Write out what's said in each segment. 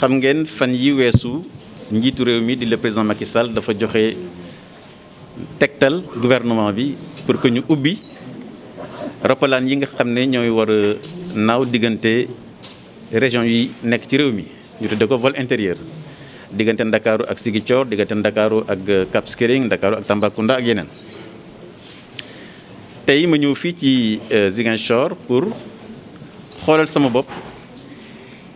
xam ngeen fan yi weesu njiitu réew mi di le président Macky Sall dafa joxe tegtal gouvernement bi pour que ñu ubbi roppalaan yi nga xam ne ñooy war a naaw diggante région yi nekk ci réew mi ñu tudde ko vol intérieur diggante Ndakaaru ak Ziguinchor diggante Ndakaaru ak Cap Skirring Ndakaaru ak Tambacounda ak yeneen tey ma ñëw fii ci euh, Ziguinchor pour xoolal sama bopp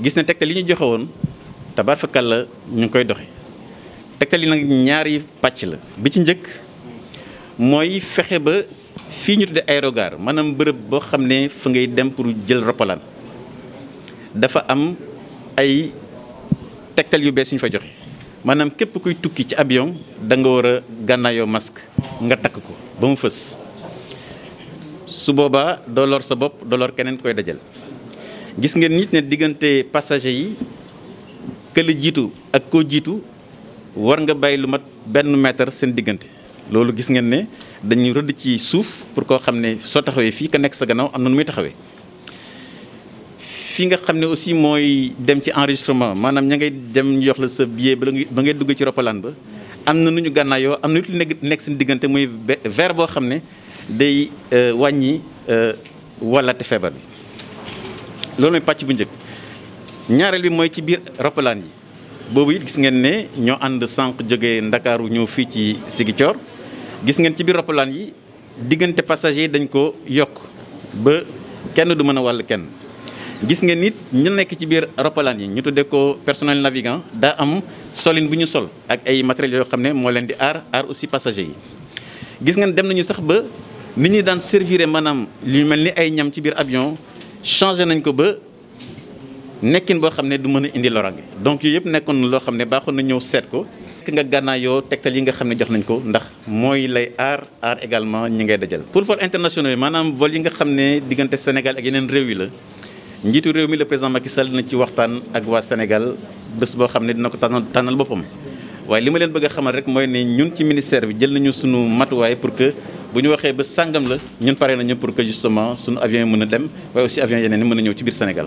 gis ne tegtal yi ñu joxe woon tabaar fakal la ñu ngi koy doxe tegtal yi nag ñaari pàcc la bi ci njëkk mooy fexe ba fii ñu tudde aérogare maanaam bërëb boo xam ne fa ngay dem pour jël roppalaan dafa am ay tegtal yu bees yu ñu fa joxe maanaam képp kuy tukki ci avion da nga war a gànnaayoo masque nga takk ko ba mu fës su boobaa doo lor sa bopp doo lor keneen koy dajal gis ngeen nit ne diggante passager yi kële jiitu ak koo jiitu war nga bàyyi lu mat benn mètre seen diggante loolu gis ngeen ne dañuy rëdd ci suuf pour koo xam ne soo taxawee fii ko nekk sa gannaaw am na nu muy taxawee fii nga xam ne aussi mooy dem ci enregistrement maanaam ña ngay dem ñu jox la sa billet ba ngay dugg ci roppalaan ba am na nu ñu gànnaayoo am na lu nekk seen diggante muy verre boo xam ne day euh, wàññi euh, wàllate feebar bi loolu mooy pàcc bu njëkk ñaareel bi mooy ci biir roppalaan yi boobu it gis ngeen ne ñoo ànd sànq jóge ndakaaru ñëw fii ci Ziguinchor gis ngeen ci biir roppalaan yi diggante passager yi dañ ko yokk ba kenn du mën a wàll kenn gis ngeen nit ñu nekk ci biir roppalaan yi ñu tuddee ko personnel navigant daa am solin bu ñu sol ak ay matériels yoo xam ne moo leen di aar aar aussi passager yi gis ngeen dem nañu sax ba nit ñu daan servir maanaam lu mel ni ay ñam ci biir avion changé nañ ko ba nekkin boo xam ne du mën a indi lorange donc yooyu yëpp nekkoon loo xam ne baaxoon na ñëw seet ko. fekk nga gànnaayoo tegtal yi nga xam ne jox nañ ko ndax mooy lay aar aar également ñi ngay dajal. pour vol internationaux yi maanaam vol yi nga xam ne diggante Sénégal ak yeneen réew yi la njiitu réew mi le président Macky Sall dina ci waxtaan ak waa Sénégal bés boo xam ne dina ko tànnal tànnal boppam. waaye li bëgg a xamal rek mooy ne ñun ci bi jël nañu sunu matuwaay pour bu ñu waxee ba sangam la ñun pare nañu pour que justement suñu avion yi mën a dem waaye aussi avion yeneen yi mën a ñëw ci biir Sénégal